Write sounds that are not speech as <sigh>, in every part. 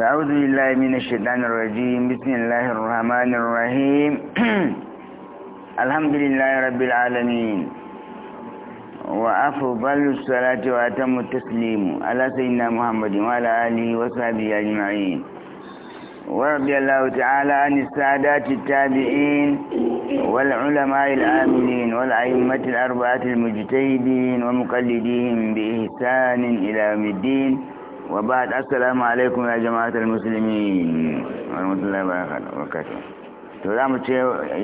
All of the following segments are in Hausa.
أعوذ بالله من الشيطان الرجيم بسم الله الرحمن الرحيم الحمد لله رب العالمين وأفضل الصلاة وأتم التسليم على سيدنا محمد وعلى آله وصحبه أجمعين ورضي الله تعالى عن السادات التابعين والعلماء العاملين والأئمة الأربعة المجتهدين ومقلدين بإحسان إلى يوم الدين وبعد السلام عليكم يا جماعة المسلمين ورحمة الله وبركاته to za mu ce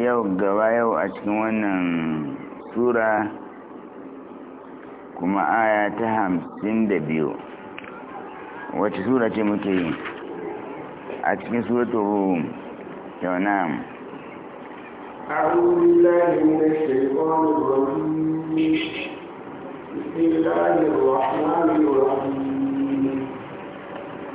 yau gaba yau a cikin wannan sura kuma aya ta hamsin da biyu wacce sura ce muke a cikin suratun rum yau na أعوذ من الشيطان بسم الله الرحمن الرحيم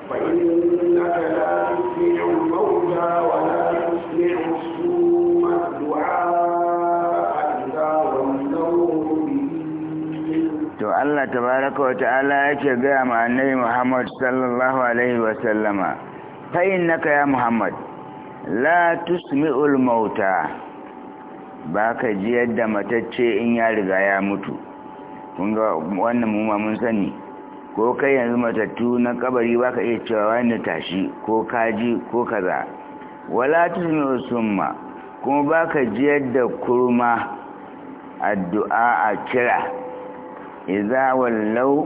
فإنك لا تسمع الموتى ولا تسمع الصوم الدعاء To Allah tabaraka wa ta'ala yake gaya ma annabi Muhammad sallallahu alaihi wa sallama fa ka ya Muhammad la ulmauta ba baka ji yadda matacce in ya riga ya mutu kunga ga wannan mu ma mun sani ko kai yanzu matattu na kabari ba ka iya cewa wani tashi ko kaji ko kaza wala tusmi summa kuma ba ka jiyar da kurma addu'a a kira idza wallau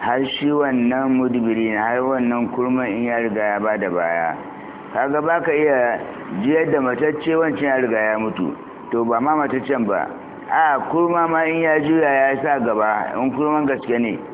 har shi wannan mudbirin har wannan kurman in ya riga ya bada baya kaga ka iya jiyar da matacce wancan ya riga ya mutu to ba ma mataccen ba a kurma ma in ya juya ya sa gaba in kurman gaske ne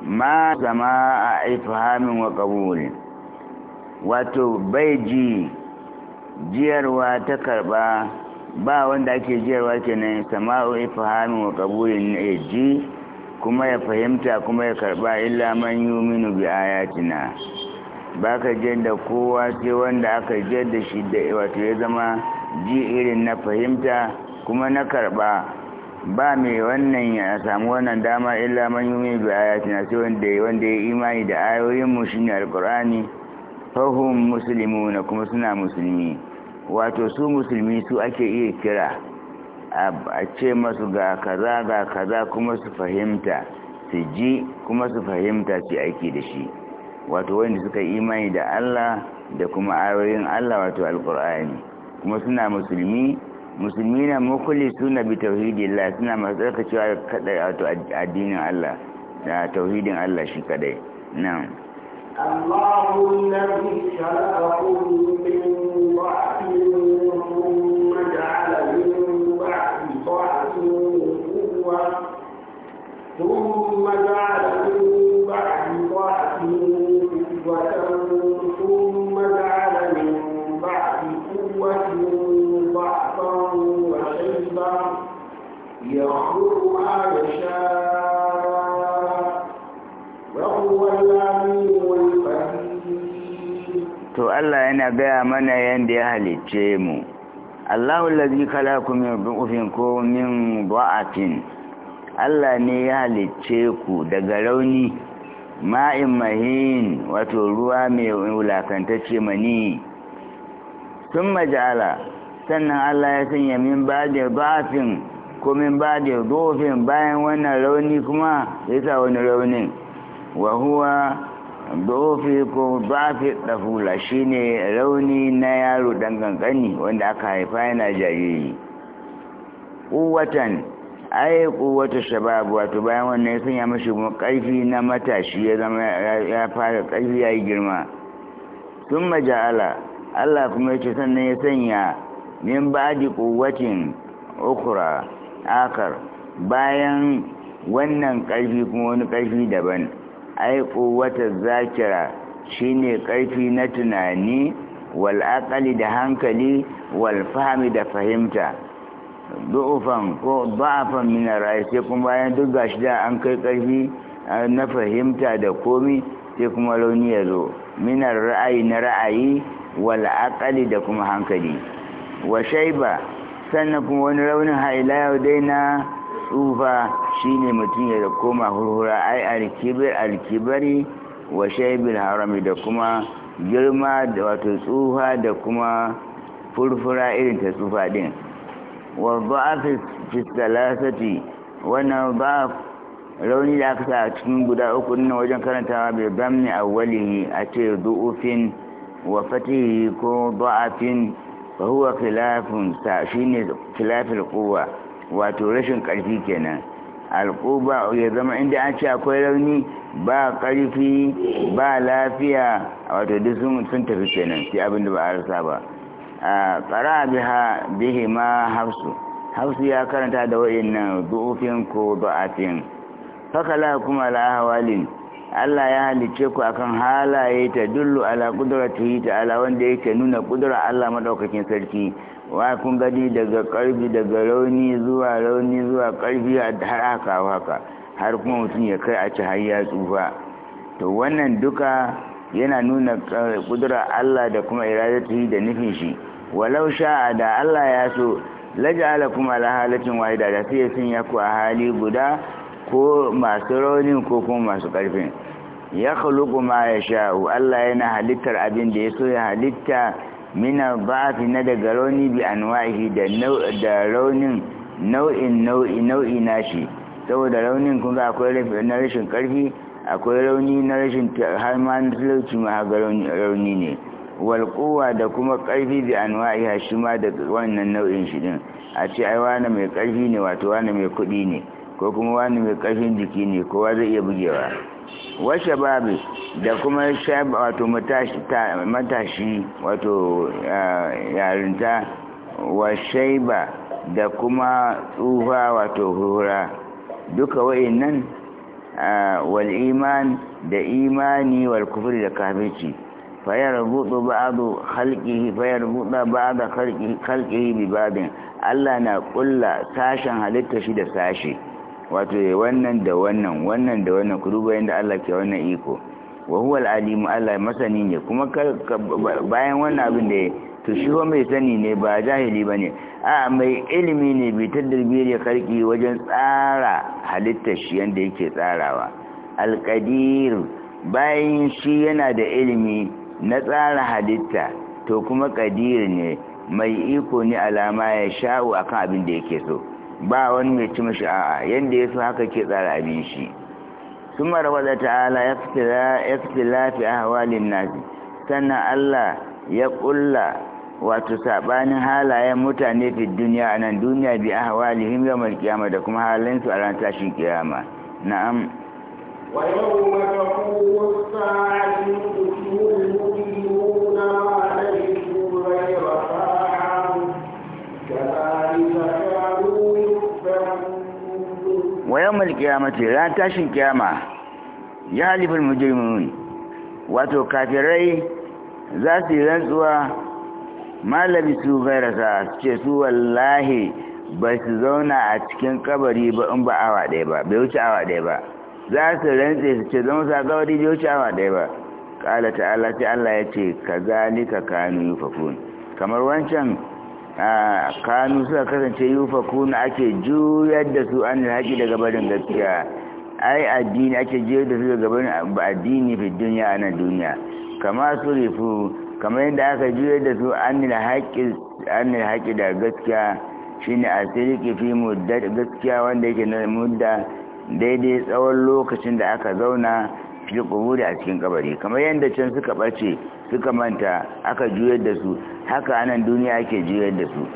ma zama a ifhamin wa ƙabulin wato bai ji jiyarwa ta karɓa ba wanda ake jiyarwa kenan sama'u ifhamin wa ƙabulin ya ji kuma ya fahimta kuma ya karɓa illa man Minu bi ayatina ba ka da kowa sai wanda aka jiyar da shi da wato ya zama ji irin na fahimta kuma na karɓa ba mai wannan ya samu wannan dama illa man yi bi ayatina sai wanda wanda ya imani da ayoyin mu shine Fahim-Musulmi na kuma suna musulmi wato su musulmi su ake iya kira a ce masu ga kaza ga kaza kuma su fahimta su ji kuma su fahimta su aiki da shi wato wanda suka imani da Allah da kuma ayoyin Allah wato alkur'ani kuma suna musulmi musulmi na mukulli suna bi tauhidin Allah suna masu tsarkacewa kadai wato addinin Allah da tauhidin Allah shi kadai nan الله Allah yana gaya mana yadda ya halice mu Allahu lazi kala min ko ba'atin Allah ne ya halice ku daga rauni ma'in mahin wato ruwa mai wulakantacce mani sun majala sannan Allah ya sanya min ba da ba'afin ko min ba da bayan wannan rauni kuma ya sa wani raunin wa dofi ko bafi ɗafula shine rauni na yaro dan wanda aka haifa yana jariri ƙuwatan ai ƙuwata shabab wato bayan wannan ya sanya mashi ƙarfi na matashi ya zama ya fara ƙarfi ya girma tun maja'ala allah kuma ya ce sannan ya sanya min ba di ƙuwatin okura akar bayan wannan ƙarfi kuma wani ƙarfi daban aiko wata zakira shine karfi na tunani wal'aƙali da hankali walfahami da fahimta du'ufan ko ba'afan minar sai kuma bayan duk gashi da an kai karfi eh, na fahimta da komi sai kuma launi ya zo minar ra'ayi na ra'ayi wal'aƙali da kuma hankali wa shaiba sannan kuma wani raunin haila yau dai na tsufa shine mutum ya koma hurhura ai alkibari wa shaibil harami da kuma girma da wato tsufa da kuma furfura irin ta tsufa din wa ba'afi fi salasati wannan ba rauni da aka sa a cikin guda uku nan wajen karantawa bai bamni awwalihi a ce du'ufin wa fatihi ko ba'afin fa huwa khilafun sa shine khilafil quwwa wato rashin ƙarfi kenan alƙuba ya zama inda an ce akwai rauni ba ƙarfi ba lafiya wato duk sun tafi kenan sai abin da ba a rasa ba a ƙara biha bihi ma hafsu hafsu ya karanta da wa'in nan du'ufin ko da'afin fakala kuma la'ahawalin Allah ya halice ku akan halaye ta dullu ala ta ala wanda yake nuna kudura Allah maɗaukakin sarki wa kun gani daga karfi daga rauni zuwa rauni zuwa karfi har haka haka har kuma mutum ya kai a ci har ya tsufa to wannan duka yana nuna kudura Allah da kuma iradatu da nufin shi walau sha'a da Allah ya so laja'ala kuma la halatin wahida da sai sun ya ku a hali guda ko masu raunin ko kuma masu karfin ya khuluqu ma yasha'u Allah yana halittar abin da ya so ya halitta minar ba'afi na daga rauni bi anwa'ihi da raunin nau'in nau'i nau'i nashi saboda raunin kun ga akwai na rashin karfi akwai rauni na rashin har ma talauci ma ga rauni ne walƙuwa da kuma ƙarfi bi anwa'iha shi ma da wannan nau'in shi din a ce ai wani mai ƙarfi ne wato wani mai kuɗi ne ko kuma wani mai ƙarfin jiki ne kowa zai iya bugewa washe babi da kuma wato matashi wato yarinta washe ba da kuma tsufa wato hura duka wa'innan wal iman da imani wal kufri da kafirci Fayar ba'du khalqihi fayarbutu ba'da khalqihi bi babin Allah na ƙulla sashen halitta shi da sashi wato ya eh, wannan da wannan wannan da wannan ku duba yadda Allah ke wannan iko wa huwa al-alimu Allah masani ne kuma bayan wannan abin da to shi ho mai sani ne ba jahili bane a mai ilimi ne bi tadbir ya karki wajen tsara halitta shi yanda yake tsarawa al-qadir bayan shi yana da ilimi na tsara halitta to kuma qadir ne mai iko ne alama ya sha'u akan abin da yake so ba wani mai cin shi a'a yadda ya so haka ke tsara abin shi sun marwada ta'ala ya fi lafi a hawalin nasi sannan allah ya ƙulla wato saɓanin halayen mutane fi duniya a nan duniya bi a hawalihim yau mai da kuma su a ran tashin kiyama na'am Wa yau mata تقوم الساعة يدخلون wa yawmal qiyamati ran tashin kiyama ya halifal mujrimun wato kafirai za su yi rantsuwa malami su gairasa su ce su wallahi ba su zauna a cikin kabari ba in ba awa ɗaya ba bai wuce awa ɗaya ba za su rantse su ce zama sa kabari bai wuce awa ɗaya ba ƙala ta'ala sai Allah ya ce ka zalika kanu yufakun kamar wancan kanu suka kasance yufa kuna ake juyar da su an haƙi daga barin gaskiya ai addini ake juyar da su daga barin addini fi duniya a nan duniya kama su rifu kama yadda aka juyar da su an haƙi da gaskiya shine a siriki fi muddar gaskiya wanda yake na mudda daidai tsawon lokacin da aka zauna fi kuburi a cikin kabari kamar yadda can suka bace suka manta aka juyar da su haka anan duniya ake juyar da su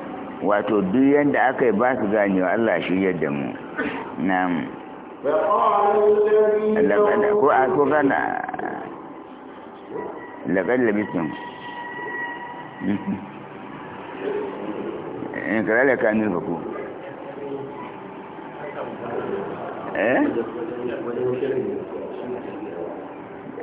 wato duk yadda aka yi ba su wa Allah shi yadda mu na ko a ko in da kanin eh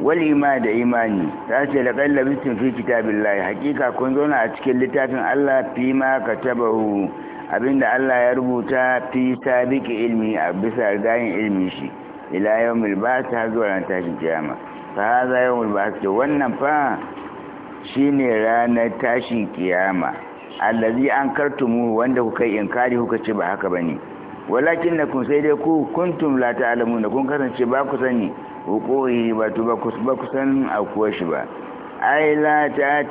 wal ima da imani ta ce da kalla bisin fi lai hakika kun zauna a cikin littafin Allah fi ma ka hu abinda Allah ya rubuta fi sabiki ilmi a bisa gayin ilmi shi ila yawmil ba'th har zuwa ran tashin kiyama fa hadha yawmul ba'th wannan fa Shi ne ranar tashin kiyama allazi an kartumu wanda kuka yi inkari kuka ce ba haka ba bane walakin kun sai dai ku kuntum la na kun kasance ba ku sani hukuhi wato ba ku san akuwa shi ba ai la ta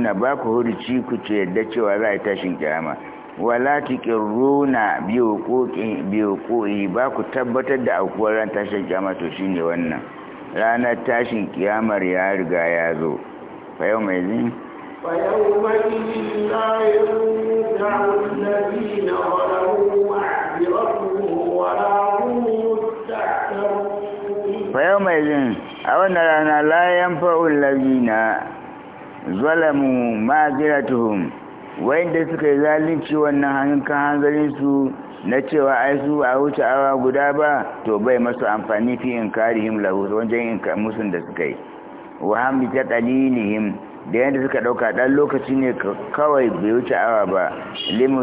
na. ba ku hurci ku ce yadda cewa za a tashin kiyama wala tuqirruna bi biyu bi ba ku tabbatar da akuwar ran tashin kiyama to shine wannan ranar tashin kiyamar ya riga ya zo fa yau mai zin fa yau mai zin la yau ta'u izin a wannan rana layan fa'ul lalina zalamu ma'aziratuhum wayanda suka yi zalunci wannan hannun kan su na cewa ai su a wuce awa guda ba to bai masu amfani fi in kari him lahu wajen in musun da suka yi wa hamdi ta dalilihim da yadda suka dauka dan lokaci ne kawai bai wuce awa ba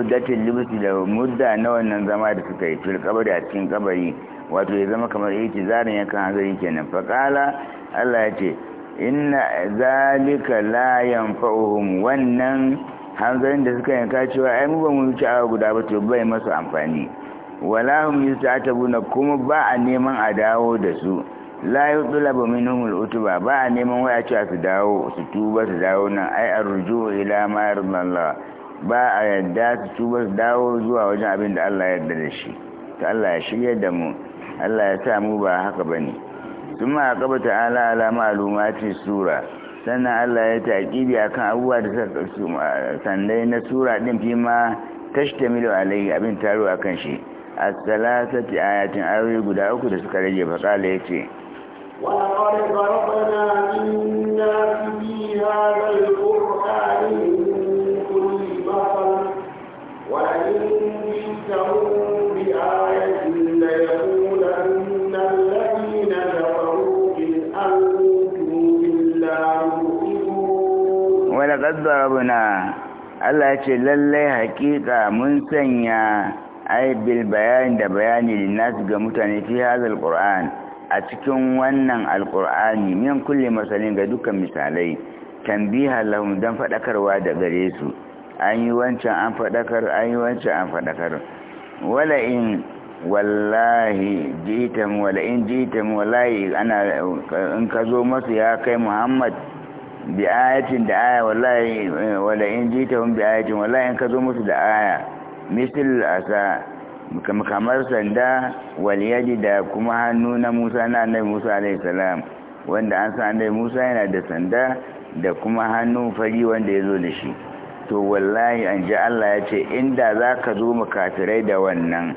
datin libsi da mudda na wannan zama da suka yi fil kabari a cikin kabari wato ya zama kamar yake zarin yankan hanzari kenan fakala Allah ya ce inna zalika la yanfa'uhum wannan hanzarin da suka yanka cewa ai mu ba mu yi awa guda ba to bai masu amfani wala hum yusta'tabuna kuma ba a neman a dawo da su la yutlabu minhum al-utuba ba a neman waya cewa su dawo su tuba su dawo nan ai arju ila ma yarda ba a yadda su tuba su dawo zuwa wajen abin da Allah ya yarda da shi ta Allah ya shirya da mu Allah ya sa mu ba haka bane kuma akaba ta'ala ala ma'lumati sura sannan Allah ya a akan abubuwa da suka sandai na sura din fi ma tashtamilu alai abin taro akan shi a salasati ayatin ayoyi guda uku da suka rage faqala yace ولقد walaƙar zarabuna Allah ya ce lallai hakika mun sanya aibil bayani da bayani linnasu ga mutane fi hazal ƙur'an a cikin wannan alƙur'ani min kulle masalin ga dukkan misalai tambiha lahum don faɗakarwa da gare su an yi wancan an faɗakar an yi wancan an faɗakar wala in wallahi jitam wala in jitam wallahi ana in ka zo masu ya kai muhammad bi ayatin da aya wallahi wala in ji hum bi ayatin wallahi in ka zo musu da aya misal asa kamar sanda wal yajida da kuma hannu na Musa na annabi Musa alayhi salam wanda an san annabi Musa yana da sanda da kuma hannu fari wanda ya zo da shi to wallahi an ji Allah ya ce inda za ka zo mukafirai da wannan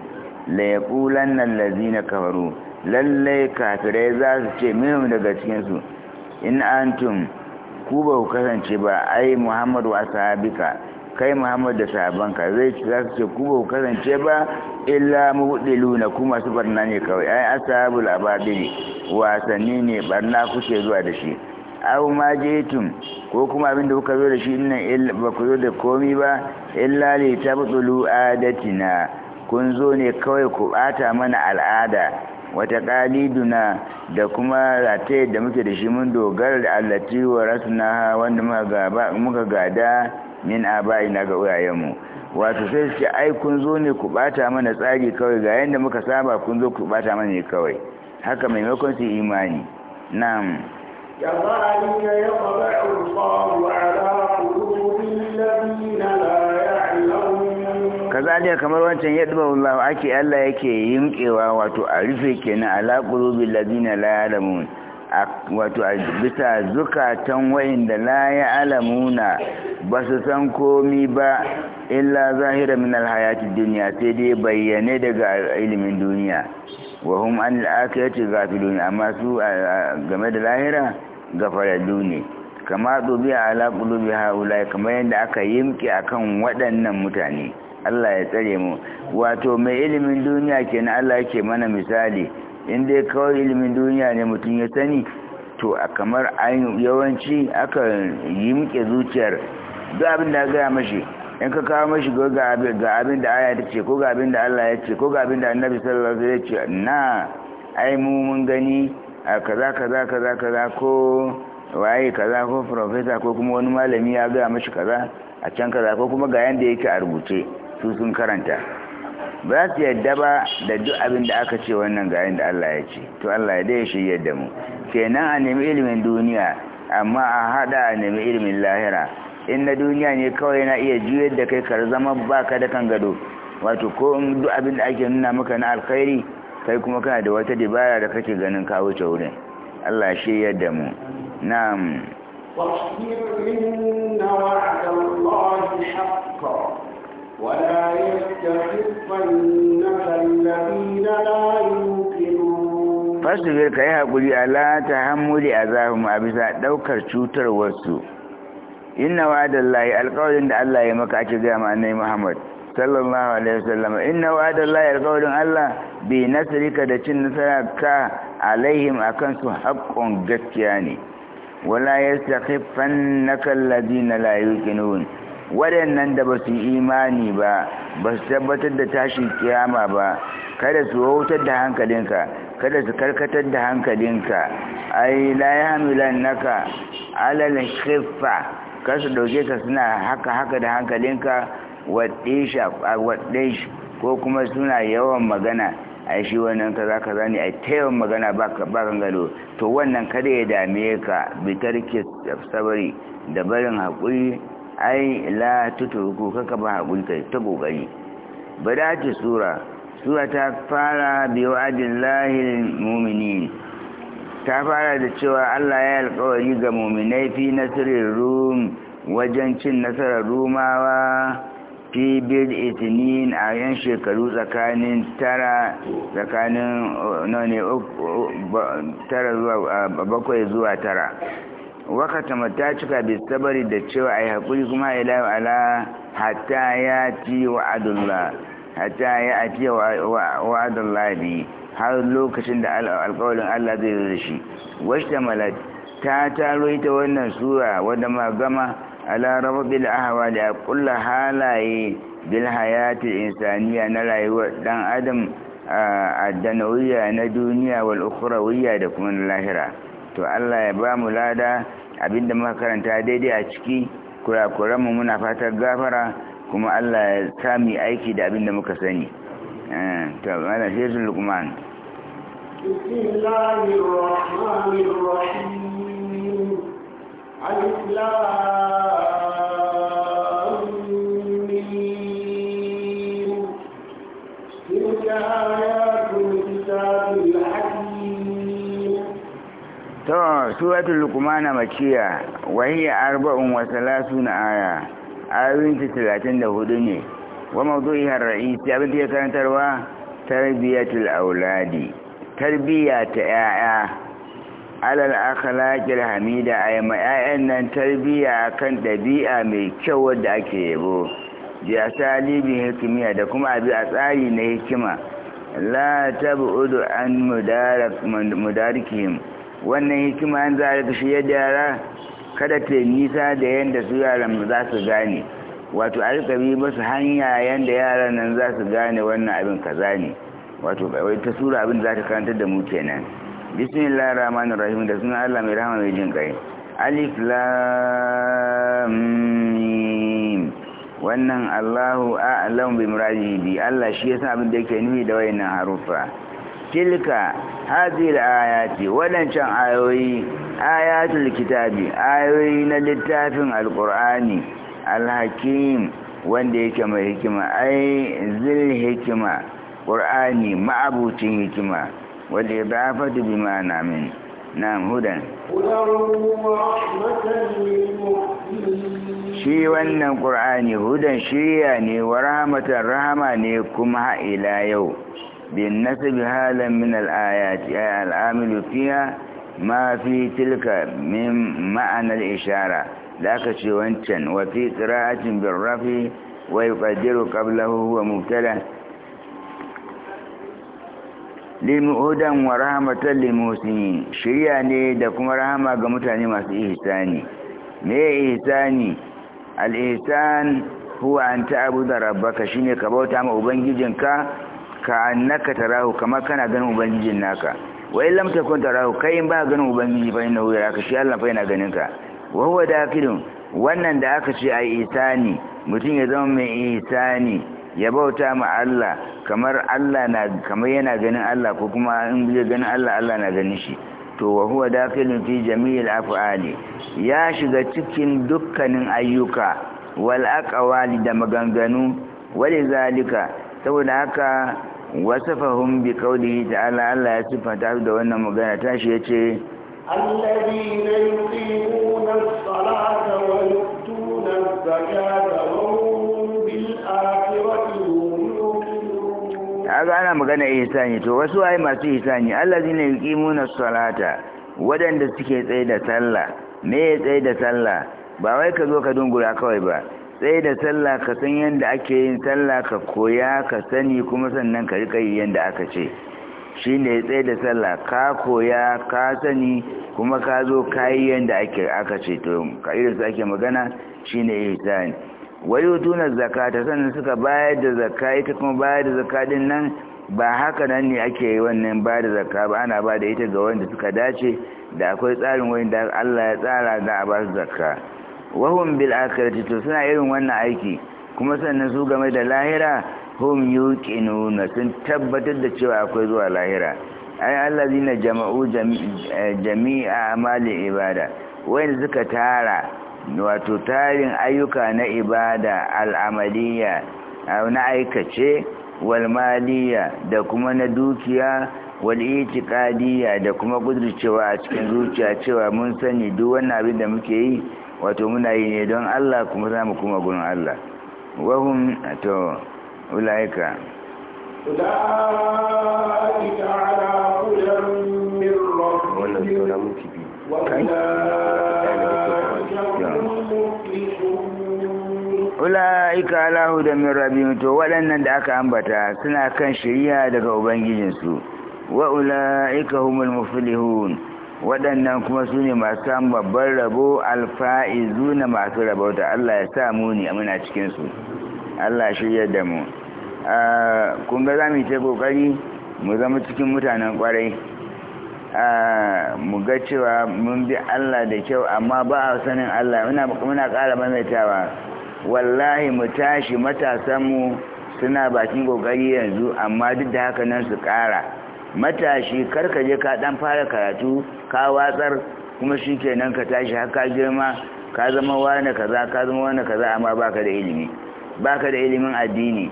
la nan allazina kafaru lallai kafirai za su ce minu daga cikinsu in antum ku ba ku kasance ba ai muhammadu a sahabika kai muhammadu da sahabanka zai ci za su ce ku ba ku kasance ba illa muhudilu na ku masu barna ne kawai ai a sahabu ababili wasanni ne barna kuke zuwa da shi abu ma ko kuma abin da kuka zo da shi nan ba ku zo da komi ba illa li tabtulu adatina kun zo ne kawai ku bata mana al'ada wata ƙaliduna da kuma rataye da muke da shi mun dogara da allati wa rasna wanda muka gada min aba'ina ga uyayenmu wato sai su ai kun zo ne ku bata mana tsari kawai ga yanda muka saba kun zo ku bata mana ne kawai haka maimakon su imani na'am كذلك يطبع الله على قلوب kazalika kamar wancan yadda ba ake Allah yake yinkewa wato a rufe kenan ala qulubil ladina la ya'lamun wato a bisa zukatan da la ya'lamuna ba su san komi ba illa zahira min alhayati dunya sai dai bayyane daga ilimin duniya wa hum an al ghafilun amma su game da lahira gafara ne kama dubi ala qulubi haula kamar yadda aka yimki akan waɗannan mutane Allah ya tsare mu wato mai ilimin duniya kenan Allah yake mana misali in dai kawai ilimin duniya ne mutum ya sani to a kamar yawanci aka yi muke zuciyar duk abin da gaya mashi in ka kawo mashi ga abin da aya ta ce ko ga abin da Allah ya ce ko ga abin da annabi sallallahu alaihi wasallam ya ce na ai mu mun gani a kaza kaza kaza kaza ko waye kaza ko professor ko kuma wani malami ya gaya mashi kaza a can kaza ko kuma ga yanda yake a rubuce su sun karanta ba za su yadda ba da duk abin da aka ce wannan ga da Allah ya ce to Allah ya dai shi yadda mu kenan a nemi ilimin duniya amma a hada a nemi ilimin lahira in na duniya ne kawai yana iya juyar da kai kar zama ba ka da kan gado wato ko duk abin da ake nuna maka na alkhairi kai kuma kana da wata dibara da kake ganin kawo wuce wurin Allah shi yadda mu na'am واصبر إن وعد الله حقا ولا يستخفنك الذين لا يوقنون فاصبر كي هقولي ألا تحمل أذاهم أبسا دوكر شوتر وسو إن وعد الله القول عند الله يمك أشجع مع النبي محمد صلى الله عليه وسلم إن وعد الله القول الله بنصرك دتشن نصرك عليهم أكنس حق جتياني ولا يستخفنك الذين لا يوقنون waɗannan da ba su imani ba ba su tabbatar da tashin kiyama ba kada su wautar da hankalinka kada su karkatar da hankalinka ai la yahmilan naka alal khiffa kasu dauke ka suna haka haka da hankalinka waɗe shi ko kuma suna yawan magana ai shi wannan kaza kaza ne ai tayawan magana ba kan gado to wannan kada ya dame ka bitarki sabari da barin haƙuri ai la tuturku kaka ba haƙuri ta kokari badati sura sura ta fara bi wa'dillahi lil ta fara da cewa Allah ya alkawari ga mu'minai fi nasrir rum wajen cin nasarar rumawa fi bid itinin a yan shekaru tsakanin tara tsakanin uh, nane uh, tara zuwa uh, bakwai zuwa tara wakata mata cika bi sabari da cewa ai hakuri kuma ila ala hatta ya ti wa'adullah hatta ya ati wa'adullah bi har lokacin da alƙawarin Allah zai zo da shi washta malat ta taro ita wannan sura wanda magama ala rabbil ahwali a kullu halaye bil hayati insaniya na rayuwar dan adam a addanawiya na duniya wal ukhrawiya da kuma lahira to Allah ya ba mu lada abinda muka karanta daidai a ciki mu muna fatar gafara kuma Allah ya sami aiki da abinda muka sani eh, to mana sai lukman bismillahir alif lam suratul lukumana makiya wahiyya arba'un wa salasuna aya ayoyinta talatin da hudu ne wa mawdu'ihar ra'isi abin da ya karantarwa tarbiyatul auladi Tarbiyya ta yaya alal akhlaqil hamida a ma yayan nan tarbiyya kan dabi'a mai kyau wadda ake yabo bi asalibi hikmiya da kuma abi a tsari na hikima la udu an mudarak mudarikihim wannan hikima an za a shi yadda yara kada ta nisa da yadda su yaran za su gane wato a rika bi masu hanya yadda yaran nan za su gane wannan abin ka zane wato bai ta sura abin za ta karantar da mu kenan bismillah rahman rahim da sunan allah mai rahama mai jin kai alif lam wannan allahu a'lam bi muradihi allah shi yasa abin da yake nufi da wayannan harufa tilka hadhihi ayati wadancan ayoyi ayatul kitabi ayoyi na littafin alqur'ani alhakim wanda yake mai hikima ai zil hikima qur'ani ma'abucin hikima wanda ya dafatu bi ma'ana min nan hudan shi wannan qur'ani hudan shiriya ne wa rahmatan rahama ne kuma ila yau بالنسب a من الآيات أي العامل فيها ما في تلك من معنى الإشارة ذاك شوانتا وفي قراءة بالرفع ويقدر قبله هو مبتلى limudan wa rahmatan lil muslimin shiriya ne da kuma rahama ga mutane masu ihsani me ihsani al ihsan huwa an ta'budu rabbaka shine ka bauta ma ka? ka annaka tarahu kamar kana ganin ubangijin naka wai lam takun tarahu kai in ba ganin ubangiji fa inna huwa yaraka shi Allah fa yana ganin ka wa huwa dakilun wannan da aka ce ai isani mutum ya zama mai isani ya bauta ma Allah kamar Allah na kamar yana ganin Allah ko kuma in bi ganin Allah Allah na ganin shi to wa huwa dakilun fi jami'il af'ali ya shiga cikin dukkanin ayyuka wal aqwali da maganganu walizalika saboda haka wasafahum bi qawlihi ta'ala Allah ya da wannan magana tashi yace alladhina yuqimuna as-salata wa yu'tuna az-zakata wa hum bil akhirati ga ana magana ihsani to wasu ai masu ihsani alladhina yuqimuna as-salata wadanda suke tsaye da sallah me tsaye da sallah ba wai ka zo ka dungura kawai ba tsaye da sallah ka san yadda ake yin sallah ka koya ka sani kuma sannan ka riƙa yi yadda aka ce shi ne tsaye da sallah ka koya ka sani kuma ka zo ka yi yadda aka ce to su ake magana shi ne ihsani wayo tunan zaka ta sannan suka bayar da zaka ita kuma bayar da zaka din nan ba haka nan ne ake yi wannan bayar da zaka ba ana ba da ita ga wanda suka dace da akwai tsarin wanda Allah ya tsara da a ba su zaka wahum bil akhirati to suna irin wannan aiki kuma sannan su game da lahira hum yuqinuna sun tabbatar da cewa akwai zuwa lahira ay allazina jama'u eh, jami'a amali ibada wanda suka tara wato tarin ayyuka na ibada al'amaliya na aikace walmaliya da kuma na dukiya wal'itikadiya da kuma gudurcewa a cikin zuciya cewa mun sani duk wannan abin da muke yi wato muna yi ne don Allah kuma za mu kuma gurin Allah wahum to ulaika ulaika ala muke ulaika ala hudan min rabbihim to waɗannan da aka ambata suna kan shari'a daga ubangijinsu wa ulaika humul muflihun waɗannan kuma su ne masu samun babban rabo alfa'izu na masu da Allah ya sa muni, a muna cikinsu Allah shirya da mu kun ga za mu ce kokari mu zama cikin mutanen kwarai mu ga cewa mun bi Allah da kyau amma ba a sanin Allah muna ƙara mamaitawa wallahi mu tashi matasanmu suna bakin kokari yanzu amma duk da haka nan su ƙara matashi karka je ka dan fara karatu ka watsar kuma shi ka tashi haka girma ka zama wani kaza ka zama wani kaza amma baka da ilimi baka da ilimin addini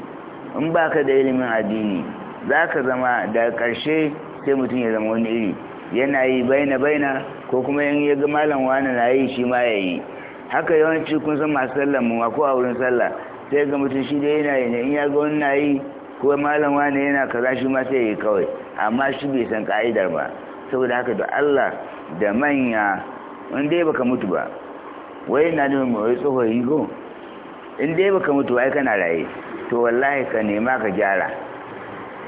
in baka da ilimin addini zaka zama da karshe sai mutum ya zama wani iri yana yi baina baina ko kuma in ya ga malam wani na yi shi ma ya yi haka yawanci kun san masu sallan mu ko a wurin sallah sai ga mutum shi dai yana yi in ya ga wani na yi ko malam wani yana kaza shi ma sai ya yi kawai amma shi bai san ka'idar ba saboda haka da Allah da manya wanda ya baka mutu ba wai na da mai tsohon ko in dai baka mutu ai kana raye to wallahi ka nema ka gyara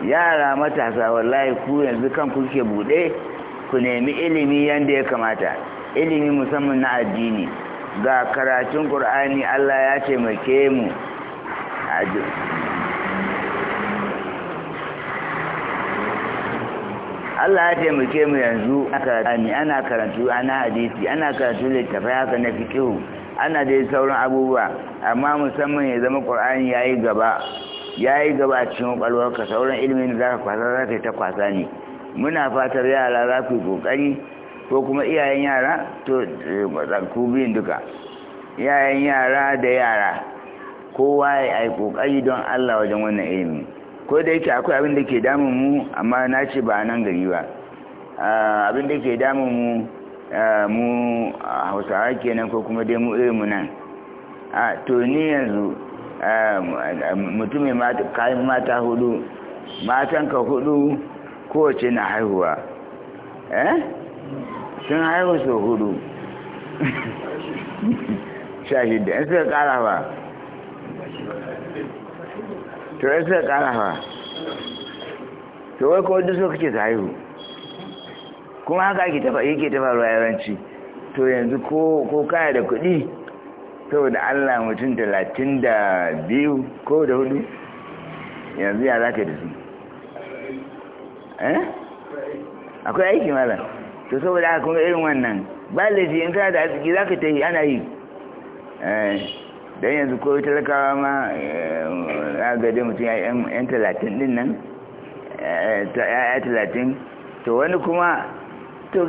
yara matasa wallahi ku yanzu kan kuke bude ku nemi ilimi yanda ya kamata ilimi musamman na addini ga karatun Kur'ani Allah ya taimake mu Allah ya taimake mu yanzu ana karatu ana hadisi ana karatu littafai haka na fikihu ana dai sauran abubuwa amma musamman ya zama Qur'ani yayi gaba yayi gaba a cikin ƙwalwarka sauran ilimin za ka kwasa za ta kwasa ne muna fatar yara za ku yi ko kuma iyayen yara to eh, ku biyun duka iyayen yara da yara kowa ya yi ƙoƙari don Allah wajen wannan ilimin ko da yake akwai abin da ke damun mu amma na ce ba nan gari ba abin da ke damun mu mu hausawa kenan ko kuma dai mu iri mu nan a to ni yanzu mutumin kayan mata hudu ka hudu kowace na haihuwa eh sun haihu so hudu <laughs> shahidda in suka kara ba to ya suka kara hawa to wai ko duk suka kake ta haihu kuma haka ake tafa yake tafa ruwa yawanci to yanzu ko ko kaya da kuɗi saboda allah mutum talatin da biyu ko da hudu yanzu ya za ka da su eh? akwai aiki mara to saboda haka kuma irin wannan ba laifi in kana da arziki za ka ta yi ana yi eh. don yanzu ko talakawa ma eh, a gade mutum yan talatin din nan eh, ta yaya talatin to wani kuma to